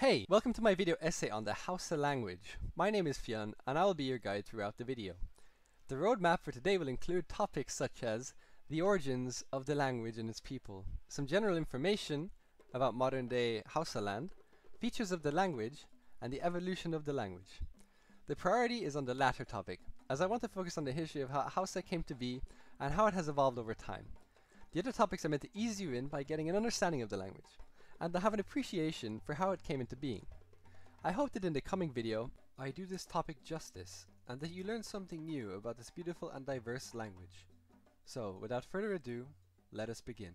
Hey, welcome to my video essay on the Hausa language. My name is Fionn and I will be your guide throughout the video. The roadmap for today will include topics such as the origins of the language and its people, some general information about modern day Hausa land, features of the language, and the evolution of the language. The priority is on the latter topic, as I want to focus on the history of how Hausa came to be and how it has evolved over time. The other topics are meant to ease you in by getting an understanding of the language and I will have an appreciation for how it came into being. I hope that in the coming video, I do this topic justice, and that you learn something new about this beautiful and diverse language. So, without further ado, let us begin.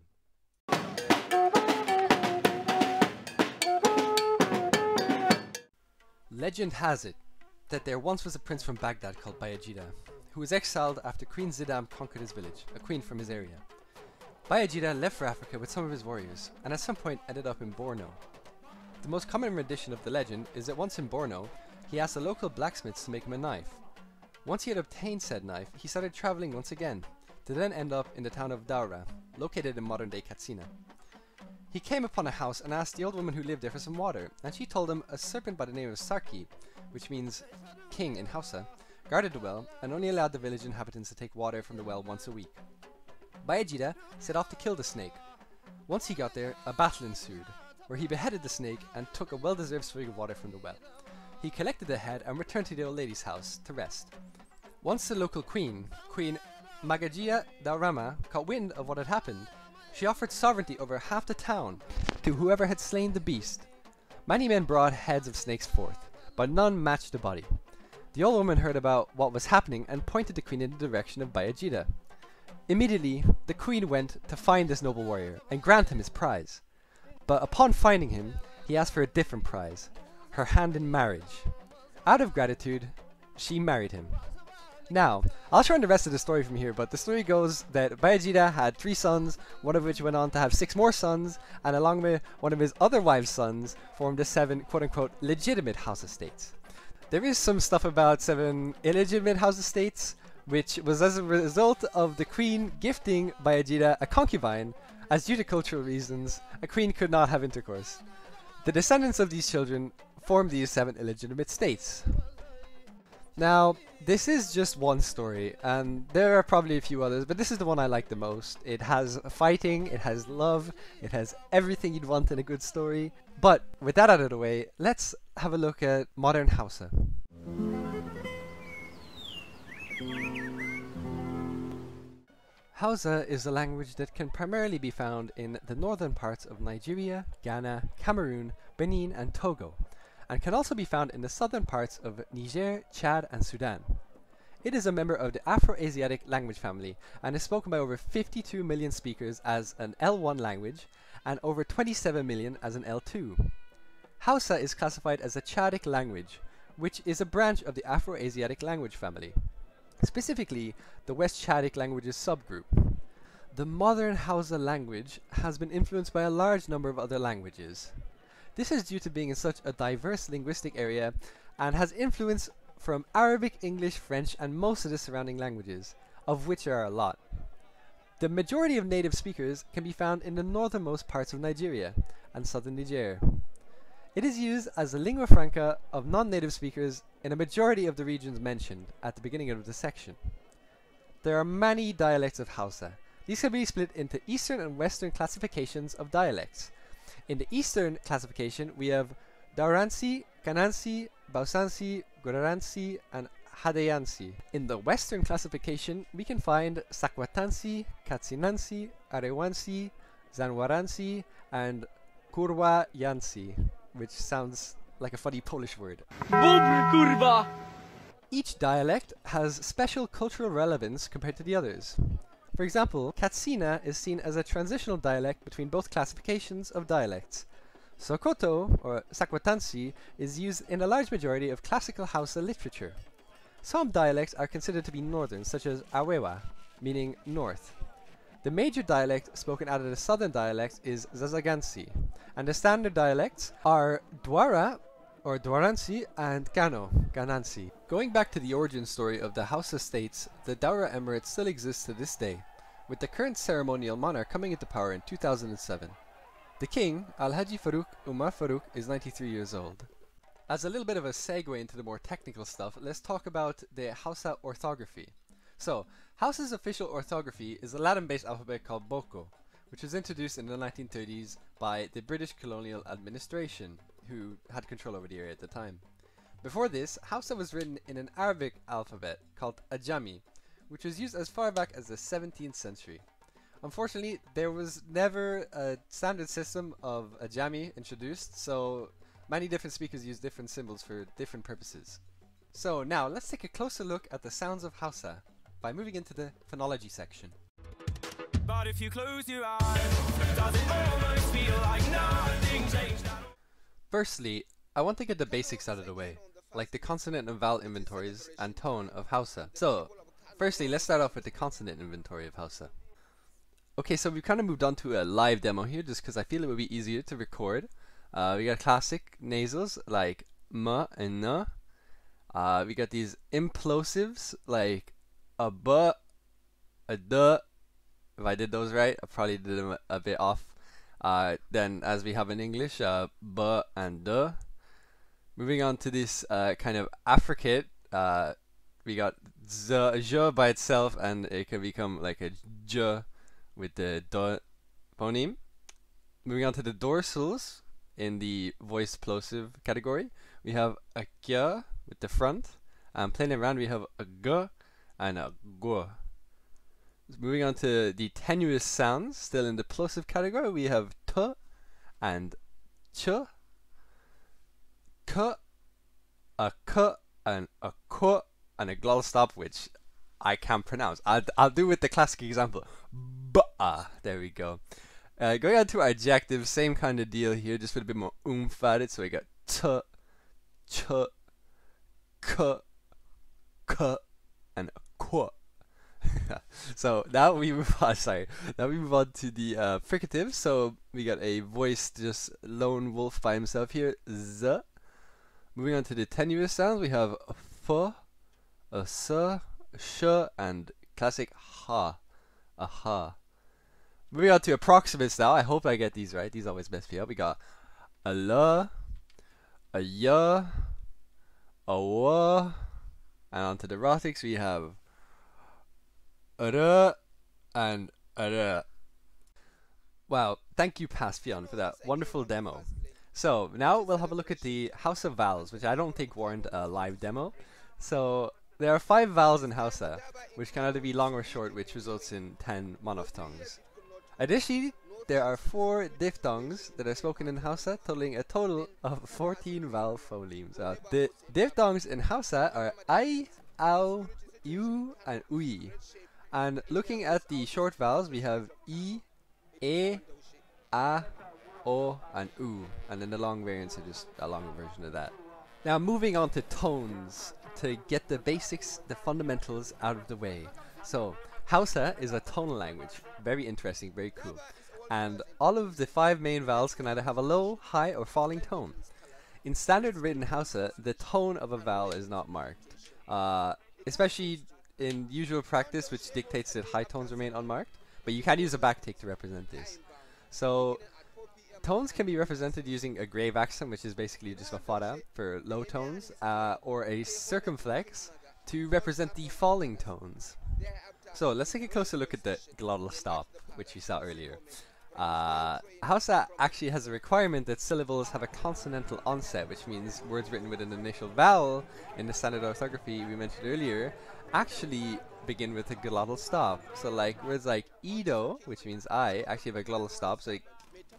Legend has it that there once was a prince from Baghdad called Bayajida, who was exiled after Queen Zidam conquered his village, a queen from his area. Bayajida left for Africa with some of his warriors, and at some point ended up in Borno. The most common rendition of the legend is that once in Borno, he asked the local blacksmiths to make him a knife. Once he had obtained said knife, he started traveling once again, to then end up in the town of Daura, located in modern-day Katsina. He came upon a house and asked the old woman who lived there for some water, and she told him a serpent by the name of Sarki, which means king in Hausa, guarded the well and only allowed the village inhabitants to take water from the well once a week. Baejida set off to kill the snake. Once he got there, a battle ensued, where he beheaded the snake and took a well-deserved swig of water from the well. He collected the head and returned to the old lady's house to rest. Once the local queen, Queen Magajia Daurama, caught wind of what had happened, she offered sovereignty over half the town to whoever had slain the beast. Many men brought heads of snakes forth, but none matched the body. The old woman heard about what was happening and pointed the queen in the direction of Bayajida. Immediately, the queen went to find this noble warrior and grant him his prize. But upon finding him, he asked for a different prize, her hand in marriage. Out of gratitude, she married him. Now, I'll turn the rest of the story from here, but the story goes that Bayajida had three sons, one of which went on to have six more sons, and along with one of his other wives' sons, formed the seven quote-unquote legitimate house estates. There is some stuff about seven illegitimate house estates, which was as a result of the queen gifting Bayajida a concubine, as due to cultural reasons, a queen could not have intercourse. The descendants of these children form these seven illegitimate states. Now, this is just one story, and there are probably a few others, but this is the one I like the most. It has fighting, it has love, it has everything you'd want in a good story. But with that out of the way, let's have a look at modern Hausa. Hausa is a language that can primarily be found in the northern parts of Nigeria, Ghana, Cameroon, Benin and Togo, and can also be found in the southern parts of Niger, Chad and Sudan. It is a member of the Afro-Asiatic language family and is spoken by over 52 million speakers as an L1 language and over 27 million as an L2. Hausa is classified as a Chadic language, which is a branch of the Afro-Asiatic language family specifically the West Chadic languages subgroup. The modern Hausa language has been influenced by a large number of other languages. This is due to being in such a diverse linguistic area and has influence from Arabic, English, French and most of the surrounding languages, of which there are a lot. The majority of native speakers can be found in the northernmost parts of Nigeria and southern Niger. It is used as the lingua franca of non-native speakers in a majority of the regions mentioned at the beginning of the section. There are many dialects of Hausa. These can be split into Eastern and Western classifications of dialects. In the Eastern classification, we have Dauransi, Kanansi, Bausansi, Gudaransi, and Hadeansi. In the Western classification, we can find Sakwatansi, Katsinansi, Arewansi, Zanwaransi, and Yansi, which sounds like a funny Polish word. Each dialect has special cultural relevance compared to the others. For example, Katsina is seen as a transitional dialect between both classifications of dialects. Sokoto, or Sakwatansi, is used in a large majority of classical Hausa literature. Some dialects are considered to be northern, such as Awewa, meaning north. The major dialect spoken out of the southern dialect is Zazagansi, and the standard dialects are Dwara or Dwaransi and Kano, Ganansi. Going back to the origin story of the Hausa states, the Daura Emirate still exists to this day, with the current ceremonial monarch coming into power in 2007. The king, Al-Haji Farouk Umar Farouk, is 93 years old. As a little bit of a segue into the more technical stuff, let's talk about the Hausa orthography. So, House's official orthography is a Latin-based alphabet called Boko, which was introduced in the 1930s by the British colonial administration, who had control over the area at the time. Before this, Hausa was written in an Arabic alphabet called Ajami, which was used as far back as the 17th century. Unfortunately, there was never a standard system of Ajami introduced, so many different speakers use different symbols for different purposes. So now, let's take a closer look at the sounds of Hausa by moving into the phonology section. But if you close your eyes, does it almost feel like nothing changed? Firstly, I want to get the basics out of the way, like the consonant and vowel inventories and tone of Hausa. So, firstly, let's start off with the consonant inventory of Hausa. Okay, so we've kind of moved on to a live demo here just because I feel it would be easier to record. Uh, we got classic nasals like m and n. Uh, we got these implosives like a b, a d. If I did those right, I probably did them a bit off. Uh, then, as we have in English, uh, and d. Moving on to this uh, kind of affricate, uh, we got z, j by itself, and it can become like a j with the d phoneme. Moving on to the dorsals in the voiced plosive category, we have a k with the front, and playing around we have a g and a guo. Moving on to the tenuous sounds, still in the plosive category, we have t and ch, k, a k, and a k, and a glottal stop, which I can't pronounce. I'll, I'll do with the classic example. Ba. There we go. Uh, going on to our adjectives, same kind of deal here, just with a bit more oomph at it. So we got t, ch, k, k, so now we move on. Sorry, now we move on to the uh, fricative. So we got a voice, just lone wolf by himself here. Z. Moving on to the tenuous sounds, we have f, a s, sh, and classic ha, a ha. Moving on to approximates now. I hope I get these right. These always mess me up. We got a l, a y, a w, and onto the rotics we have and Wow, thank you Paspion for that wonderful demo. So now we'll have a look at the House of Vowels, which I don't think warrant a live demo. So there are five vowels in Hausa, which can either be long or short, which results in ten monophthongs. Additionally, there are four diphthongs that are spoken in Hausa, totaling a total of 14 vowel phonemes. Uh, the diphthongs in Hausa are ai, au, u, and ui. And looking at the short vowels, we have E, A, A, O, and U. And then the long variants are just a longer version of that. Now moving on to tones, to get the basics, the fundamentals out of the way. So, Hausa is a tonal language. Very interesting, very cool. And all of the five main vowels can either have a low, high, or falling tone. In standard written Hausa, the tone of a vowel is not marked. Uh, especially in usual practice, which dictates that high tones remain unmarked, but you can use a backtick to represent this. So tones can be represented using a grave accent, which is basically just a fada for low tones, uh, or a circumflex to represent the falling tones. So let's take a closer look at the glottal stop, which we saw earlier. Uh, Hausa actually has a requirement that syllables have a consonantal onset, which means words written with an initial vowel in the standard orthography we mentioned earlier actually begin with a glottal stop. So like words like Ido, which means I, actually have a glottal stop, so like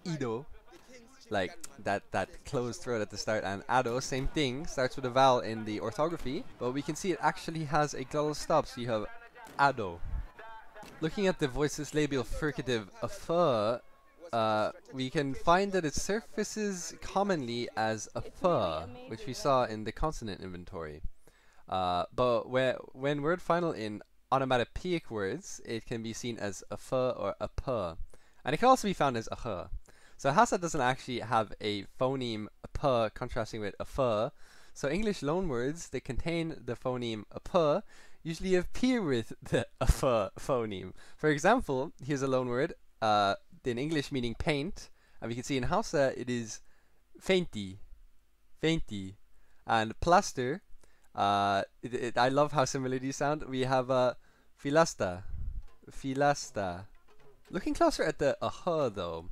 Ido, like that, that closed throat at the start, and Ado, same thing, starts with a vowel in the orthography, but we can see it actually has a glottal stop, so you have Ado. Looking at the voiceless labial fricative a uh, we can find that it surfaces commonly as a fur, which we saw in the consonant inventory. Uh, but where, when word final in onomatopoeic words, it can be seen as a fur or a pur. And it can also be found as a So Hassa doesn't actually have a phoneme a pur contrasting with a fur. So English loanwords that contain the phoneme a pur usually appear with the a phoneme. For example, here's a loanword, uh, in English meaning paint, and we can see in Hausa it is fainty, fainty, and plaster. Uh, it, it, I love how similar these sound. We have uh, filasta, filasta. Looking closer at the aha though,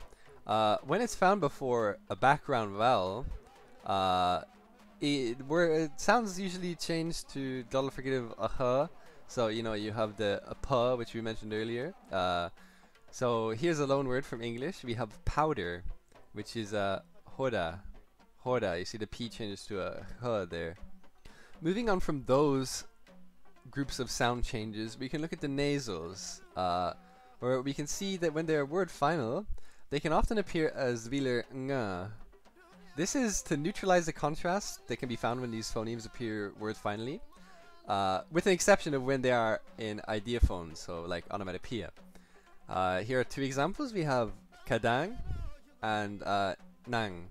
uh, when it's found before a background vowel, uh, it, where it sounds usually changed to dollar fricative aha. So you know you have the apa which we mentioned earlier. Uh, so here's a loan word from English. We have powder, which is a uh, hoda. Hoda. You see the P changes to a h there. Moving on from those groups of sound changes, we can look at the nasals, uh, where we can see that when they're word final, they can often appear as velar ng. This is to neutralize the contrast that can be found when these phonemes appear word finally, uh, with an exception of when they are in ideophones, so like onomatopoeia. Uh, here are two examples. We have Kadang and uh, Nang,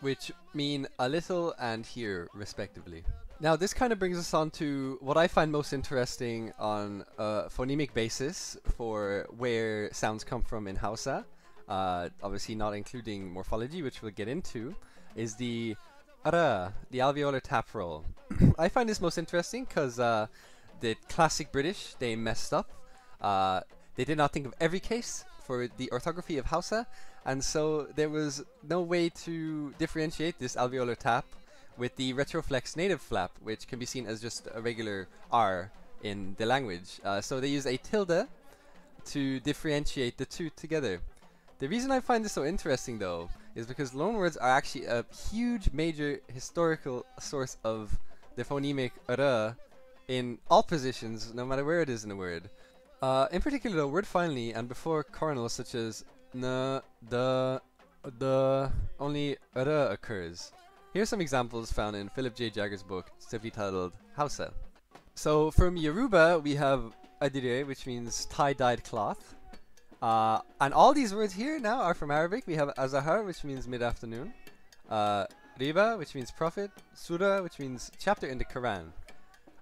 which mean a little and here, respectively. Now, this kind of brings us on to what I find most interesting on a phonemic basis for where sounds come from in Hausa, uh, obviously not including morphology, which we'll get into, is the ara, the alveolar tap roll. I find this most interesting because uh, the classic British, they messed up. Uh, they did not think of every case for the orthography of Hausa, and so there was no way to differentiate this alveolar tap with the retroflex native flap, which can be seen as just a regular R in the language. Uh, so they use a tilde to differentiate the two together. The reason I find this so interesting, though, is because loanwords are actually a huge, major historical source of the phonemic r in all positions, no matter where it is in a word. Uh, in particular, the word finally and before coronals such as na, the, the, only r occurs. Here are some examples found in Philip J. Jagger's book, simply titled Hausa. So from Yoruba, we have adire, which means tie-dyed cloth. Uh, and all these words here now are from Arabic. We have azahar, which means mid-afternoon. Uh, riba, which means prophet. Surah, which means chapter in the Quran.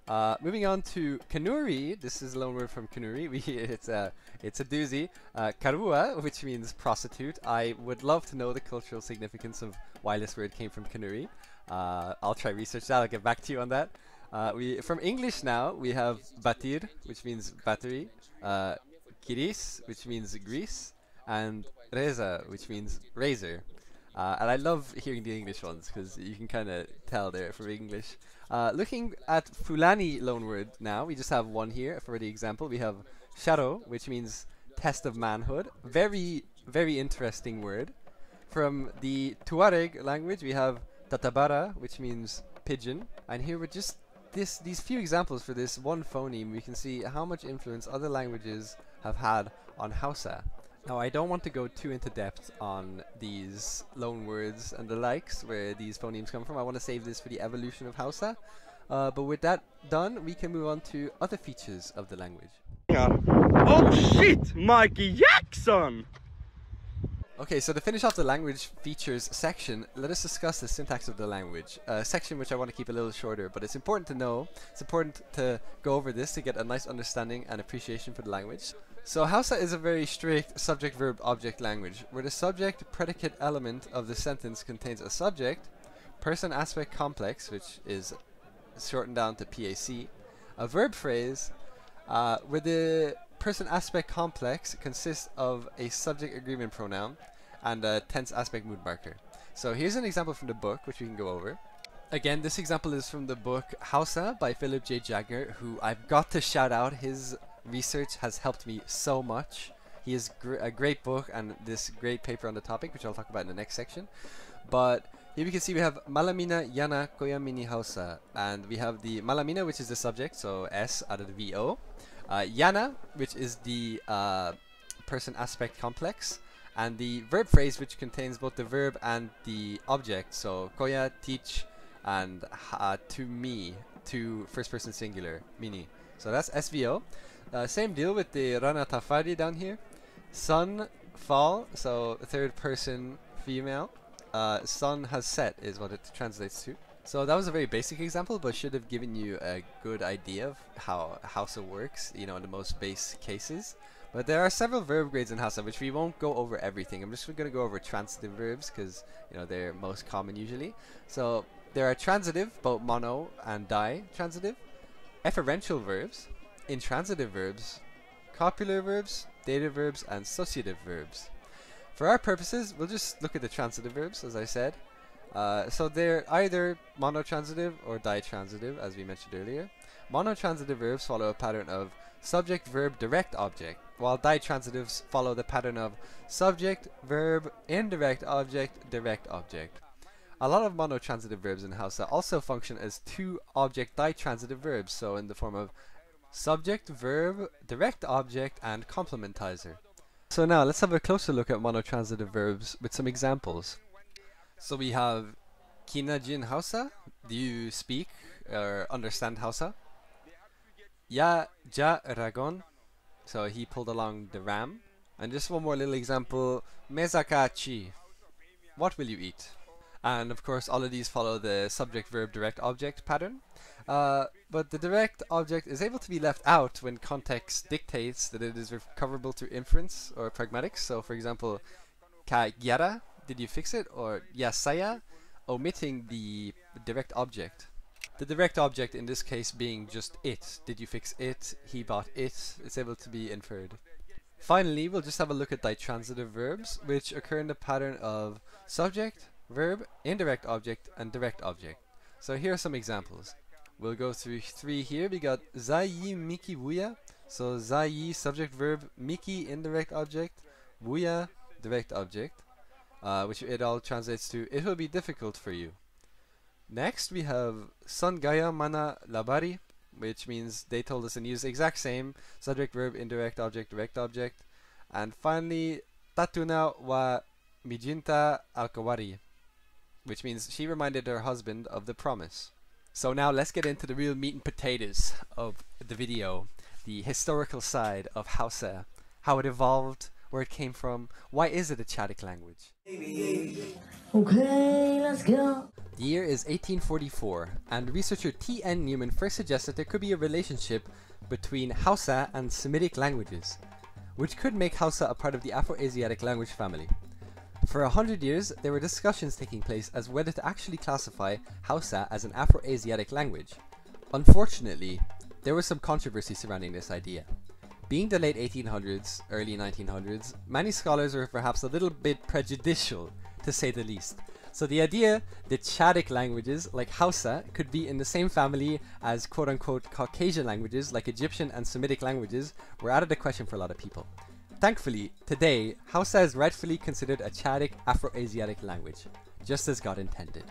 Uh, moving on to Kanuri, this is a loan word from Kanuri. We, it's a it's a doozy. Uh, karua, which means prostitute. I would love to know the cultural significance of why this word came from Kanuri. Uh, I'll try research that. I'll get back to you on that. Uh, we from English now we have batir, which means battery, uh, kiris, which means grease, and reza, which means razor. Uh, and I love hearing the English ones because you can kind of tell they're from English. Uh, looking at Fulani loanword now, we just have one here for the example. We have Shadow, which means test of manhood. Very, very interesting word. From the Tuareg language, we have Tatabara, which means pigeon. And here we're just this these few examples for this one phoneme, we can see how much influence other languages have had on Hausa. Now I don't want to go too into depth on these loanwords and the likes, where these phonemes come from. I want to save this for the evolution of Hausa. Uh, but with that done, we can move on to other features of the language. Oh shit, Mikey Jackson! Okay, so to finish off the language features section, let us discuss the syntax of the language, a section which I want to keep a little shorter, but it's important to know, it's important to go over this to get a nice understanding and appreciation for the language. So Hausa is a very strict subject-verb-object language, where the subject-predicate element of the sentence contains a subject, person-aspect complex, which is shortened down to PAC, a verb phrase, uh, where the person-aspect complex consists of a subject agreement pronoun and a tense-aspect mood marker. So here's an example from the book, which we can go over. Again, this example is from the book Hausa by Philip J. Jagger, who I've got to shout out his research has helped me so much. He has gr a great book and this great paper on the topic, which I'll talk about in the next section. But here we can see we have Malamina Yana Koyamini Hausa, and we have the Malamina, which is the subject, so S out of the VO. Uh, yana, which is the uh, person aspect complex, and the verb phrase, which contains both the verb and the object, so Koya, teach, and uh, to me, to first person singular, mini. So that's SVO. Uh, same deal with the Rana Tafari down here. Sun fall, so third person female. Uh, sun has set is what it translates to. So that was a very basic example, but should have given you a good idea of how Hausa works, you know, in the most base cases. But there are several verb grades in Hausa, which we won't go over everything. I'm just going to go over transitive verbs because, you know, they're most common usually. So there are transitive, both mono and di transitive, efferential verbs, intransitive verbs, copular verbs, dative verbs, and associative verbs. For our purposes, we'll just look at the transitive verbs, as I said. Uh, so they're either monotransitive or ditransitive, as we mentioned earlier. Monotransitive verbs follow a pattern of subject, verb, direct object, while ditransitives follow the pattern of subject, verb, indirect object, direct object. A lot of monotransitive verbs in Hausa also function as two object ditransitive verbs, so in the form of subject, verb, direct object, and complementizer. So now let's have a closer look at monotransitive verbs with some examples. So we have kina jin Hausa, do you speak or understand Hausa? Ya ja ragon, so he pulled along the ram. And just one more little example, Mezakachi, what will you eat? And of course, all of these follow the subject verb direct object pattern. Uh, but the direct object is able to be left out when context dictates that it is recoverable through inference or pragmatics. So, for example, kagyara, did you fix it? Or yasaya, omitting the direct object. The direct object in this case being just it. Did you fix it? He bought it. It's able to be inferred. Finally, we'll just have a look at the transitive verbs, which occur in the pattern of subject, verb, indirect object, and direct object. So here are some examples. We'll go through three here. We got zaiyi miki wuya. So zaiyi subject verb, miki indirect object, wuya direct object, uh, which it all translates to it will be difficult for you. Next we have sungaya mana labari, which means they told us and use exact same subject verb, indirect object, direct object, and finally tatuna wa mijinta alkawari, which means she reminded her husband of the promise. So now let's get into the real meat and potatoes of the video, the historical side of Hausa, how it evolved, where it came from, why is it a Chadic language? Okay, let's go. The year is 1844, and researcher T.N. Newman first suggested there could be a relationship between Hausa and Semitic languages, which could make Hausa a part of the Afro-Asiatic language family. For a hundred years, there were discussions taking place as whether to actually classify Hausa as an Afro-Asiatic language. Unfortunately, there was some controversy surrounding this idea. Being the late 1800s, early 1900s, many scholars were perhaps a little bit prejudicial, to say the least. So the idea that Chadic languages like Hausa could be in the same family as quote-unquote Caucasian languages like Egyptian and Semitic languages were out of the question for a lot of people. Thankfully, today, Hausa is rightfully considered a Chadic Afro-Asiatic language, just as God intended.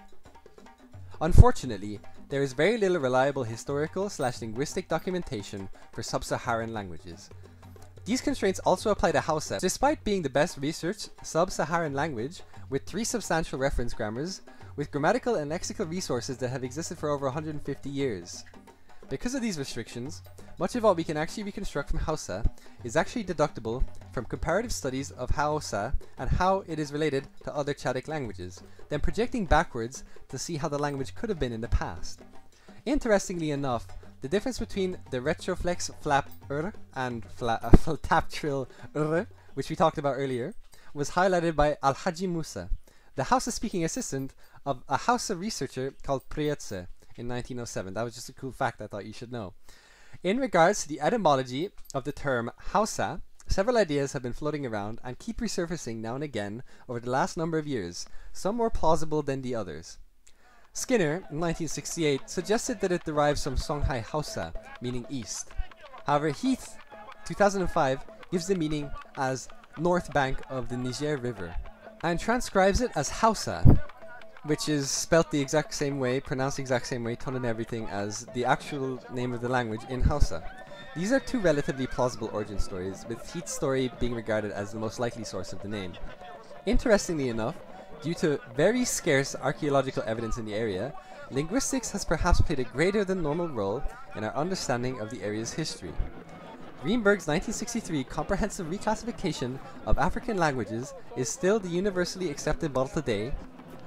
Unfortunately, there is very little reliable historical slash linguistic documentation for sub-Saharan languages. These constraints also apply to Hausa, despite being the best researched sub-Saharan language with three substantial reference grammars, with grammatical and lexical resources that have existed for over 150 years. Because of these restrictions, much of what we can actually reconstruct from Hausa is actually deductible from comparative studies of Hausa and how it is related to other Chadic languages, then projecting backwards to see how the language could have been in the past. Interestingly enough, the difference between the retroflex flap r and fla uh, tap trill r, which we talked about earlier, was highlighted by Al-Haji Musa, the Hausa-speaking assistant of a Hausa researcher called Prietse, in 1907. That was just a cool fact I thought you should know. In regards to the etymology of the term Hausa, several ideas have been floating around and keep resurfacing now and again over the last number of years, some more plausible than the others. Skinner, in 1968, suggested that it derives from Songhai Hausa, meaning east. However, Heath, 2005, gives the meaning as north bank of the Niger River and transcribes it as Hausa, which is spelt the exact same way, pronounced the exact same way, tone and everything as the actual name of the language in Hausa. These are two relatively plausible origin stories, with Heat's story being regarded as the most likely source of the name. Interestingly enough, due to very scarce archaeological evidence in the area, linguistics has perhaps played a greater than normal role in our understanding of the area's history. Greenberg's 1963 comprehensive reclassification of African languages is still the universally accepted model today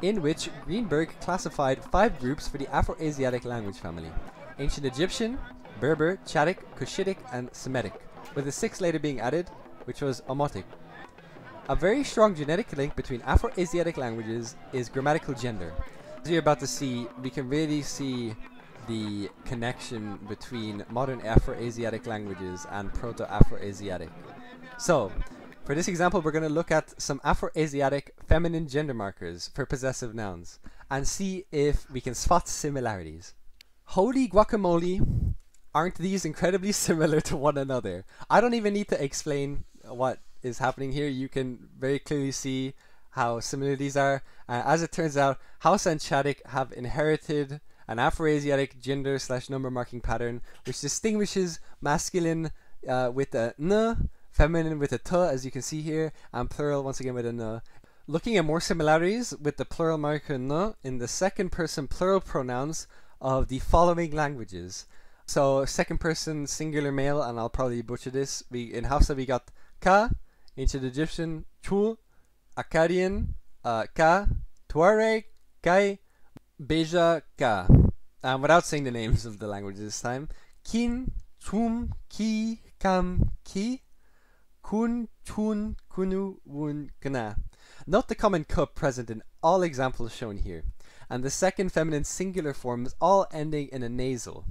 in which Greenberg classified five groups for the Afro-Asiatic language family. Ancient Egyptian, Berber, Chadic, Cushitic, and Semitic, with the sixth later being added, which was Omotic. A very strong genetic link between Afro-Asiatic languages is grammatical gender. As you're about to see, we can really see the connection between modern Afro-Asiatic languages and Proto-Afro-Asiatic. So, for this example, we're going to look at some Afro-Asiatic feminine gender markers for possessive nouns and see if we can spot similarities. Holy guacamole, aren't these incredibly similar to one another? I don't even need to explain what is happening here. You can very clearly see how similar these are. Uh, as it turns out, Hausa and Chadic have inherited an Afroasiatic gender slash number marking pattern which distinguishes masculine uh, with a n feminine with a t, as you can see here, and plural once again with a n. Looking at more similarities with the plural marker n in the second person plural pronouns of the following languages. So second person singular male, and I'll probably butcher this. We in Hausa we got ka, ancient Egyptian, chu, Akkadian, uh, ka, Tuareg, kai, beja, ka. and without saying the names of the languages this time, kin, chum, ki, kam, ki, kun, tun, kunu, wun, kana. Note the common cup present in all examples shown here, and the second feminine singular forms all ending in a nasal.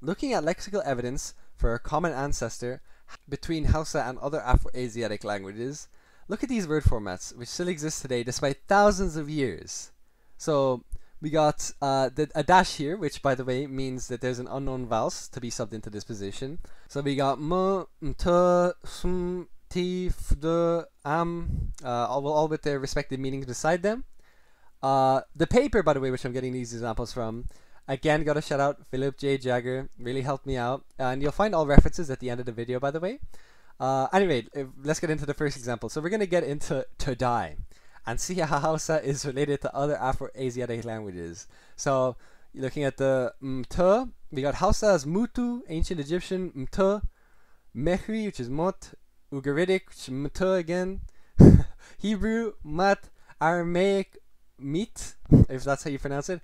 Looking at lexical evidence for a common ancestor between Hausa and other Afro-Asiatic languages, look at these word formats which still exist today despite thousands of years. So we got uh, the, a dash here, which by the way means that there's an unknown vowel to be subbed into this position. So we got m, m t, sm, t, f, d, am, uh, all, all with their respective meanings beside them. Uh, the paper, by the way, which I'm getting these examples from, again, got a shout out, Philip J. Jagger, really helped me out. And you'll find all references at the end of the video, by the way. Uh, anyway, let's get into the first example. So we're going to get into to die and see how Hausa is related to other Afro-Asiatic languages. So looking at the Mta, we got Hausa as Mutu, ancient Egyptian Mta, Mehri, which is Mot, Ugaritic, which is Mta again, Hebrew Mat, Aramaic Mit, if that's how you pronounce it,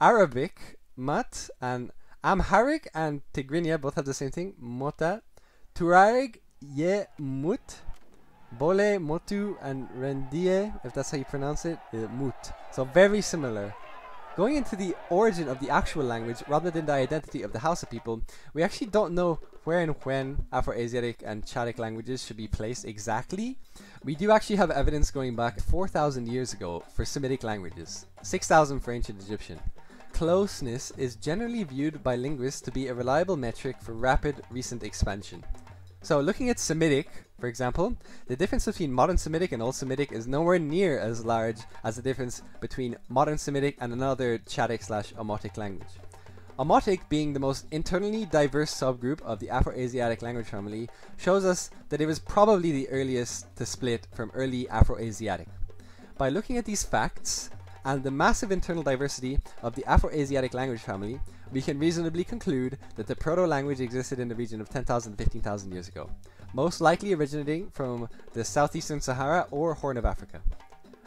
Arabic Mat, and Amharic and Tigrinya both have the same thing, Mota, Turaig mut. Bole, Motu, and Rendie, if that's how you pronounce it, uh, Mut. So very similar. Going into the origin of the actual language rather than the identity of the Hausa people, we actually don't know where and when Afro-Asiatic and Chadic languages should be placed exactly. We do actually have evidence going back 4,000 years ago for Semitic languages, 6,000 for ancient Egyptian. Closeness is generally viewed by linguists to be a reliable metric for rapid recent expansion. So looking at Semitic, for example, the difference between modern Semitic and Old Semitic is nowhere near as large as the difference between modern Semitic and another Chadic slash Omotic language. Omotic, being the most internally diverse subgroup of the Afro-Asiatic language family, shows us that it was probably the earliest to split from early Afro-Asiatic. By looking at these facts, and the massive internal diversity of the Afro-Asiatic language family, we can reasonably conclude that the proto-language existed in the region of 10,000 15,000 years ago most likely originating from the southeastern Sahara or Horn of Africa.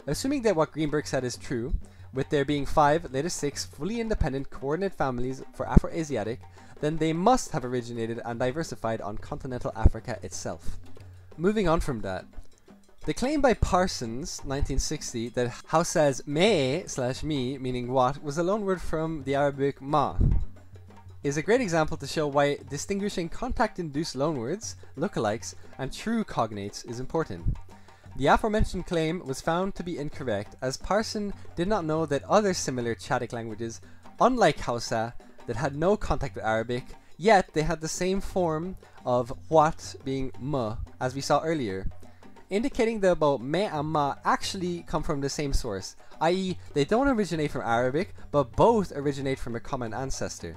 Assuming that what Greenberg said is true, with there being five, later six, fully independent coordinate families for Afro-Asiatic, then they must have originated and diversified on continental Africa itself. Moving on from that, the claim by Parsons, 1960, that Hausa's me slash me, meaning what, was a loanword from the Arabic ma, is a great example to show why distinguishing contact-induced loanwords, lookalikes, and true cognates is important. The aforementioned claim was found to be incorrect as Parson did not know that other similar Chadic languages, unlike Hausa, that had no contact with Arabic, yet they had the same form of what being m as we saw earlier, indicating that both me and ma actually come from the same source, i.e. they don't originate from Arabic, but both originate from a common ancestor.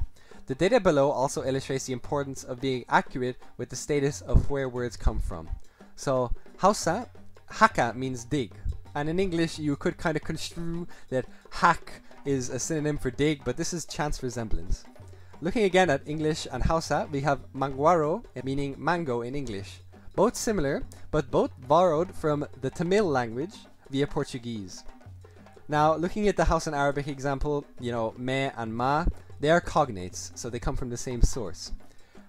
The data below also illustrates the importance of being accurate with the status of where words come from. So Hausa, haka means dig. And in English, you could kind of construe that hack is a synonym for dig, but this is chance resemblance. Looking again at English and Hausa, we have manguaro, meaning mango in English. Both similar, but both borrowed from the Tamil language via Portuguese. Now, looking at the Hausa and Arabic example, you know, me and ma, they are cognates, so they come from the same source.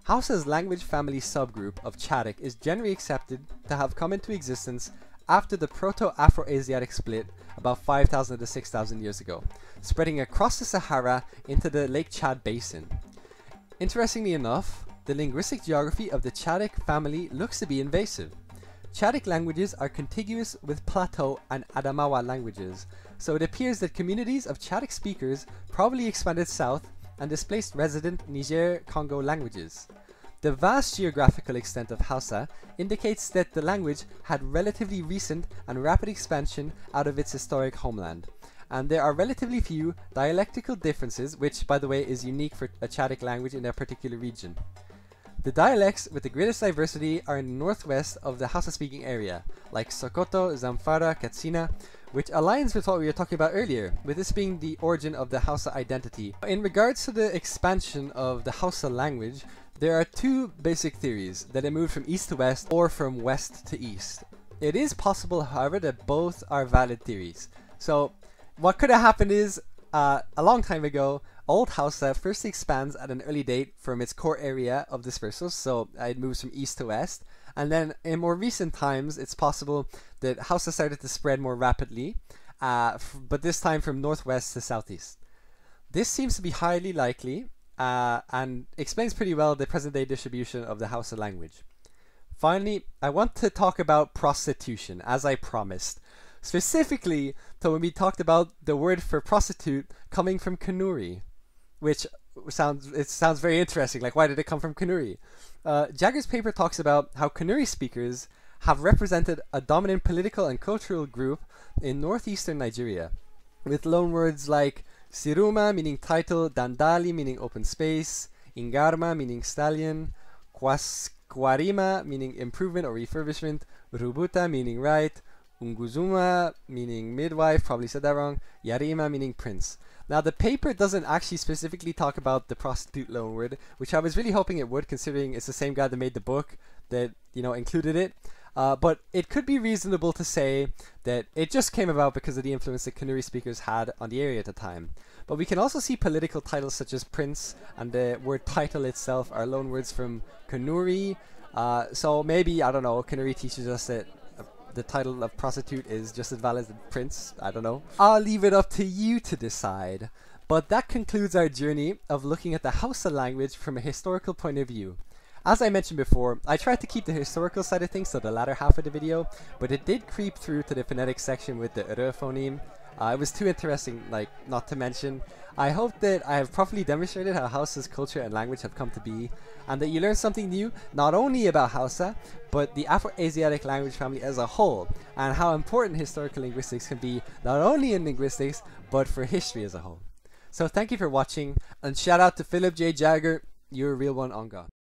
Hausa's language family subgroup of Chadic is generally accepted to have come into existence after the Proto-Afro-Asiatic split about 5,000 to 6,000 years ago, spreading across the Sahara into the Lake Chad basin. Interestingly enough, the linguistic geography of the Chadic family looks to be invasive. Chadic languages are contiguous with Plateau and Adamawa languages, so it appears that communities of Chadic speakers probably expanded south and displaced resident Niger-Congo languages. The vast geographical extent of Hausa indicates that the language had relatively recent and rapid expansion out of its historic homeland, and there are relatively few dialectical differences, which, by the way, is unique for a Chadic language in a particular region. The dialects with the greatest diversity are in the northwest of the Hausa-speaking area, like Sokoto, Zamfara, Katsina, which aligns with what we were talking about earlier, with this being the origin of the Hausa identity. In regards to the expansion of the Hausa language, there are two basic theories, that it moved from east to west or from west to east. It is possible, however, that both are valid theories. So, what could have happened is, uh, a long time ago, Old Hausa first expands at an early date from its core area of dispersal, so it moves from east to west, and then in more recent times, it's possible that Hausa started to spread more rapidly, uh, but this time from northwest to southeast. This seems to be highly likely uh, and explains pretty well the present day distribution of the Hausa language. Finally, I want to talk about prostitution, as I promised. Specifically, to when we talked about the word for prostitute coming from Kanuri, which sounds it sounds very interesting. Like, why did it come from Kanuri? Uh, Jagger's paper talks about how Kanuri speakers have represented a dominant political and cultural group in northeastern Nigeria, with loanwords like Siruma meaning title, Dandali meaning open space, Ingarma meaning stallion, Kwaskwarima meaning improvement or refurbishment, Rubuta meaning right, Unguzuma meaning midwife, probably said that wrong, Yarima meaning prince. Now, the paper doesn't actually specifically talk about the prostitute loanword, which I was really hoping it would, considering it's the same guy that made the book that you know included it. Uh, but it could be reasonable to say that it just came about because of the influence that Kanuri speakers had on the area at the time. But we can also see political titles such as prince and the word title itself are loanwords from Kanuri. Uh, so maybe, I don't know, Kanuri teaches us that the title of prostitute is just as valid as prince. I don't know. I'll leave it up to you to decide. But that concludes our journey of looking at the Hausa language from a historical point of view. As I mentioned before, I tried to keep the historical side of things to the latter half of the video, but it did creep through to the phonetic section with the r phoneme, uh, it was too interesting, like, not to mention. I hope that I have properly demonstrated how Hausa's culture and language have come to be, and that you learned something new, not only about Hausa, but the Afro-Asiatic language family as a whole, and how important historical linguistics can be, not only in linguistics, but for history as a whole. So thank you for watching, and shout out to Philip J. Jagger, you're a real one on God.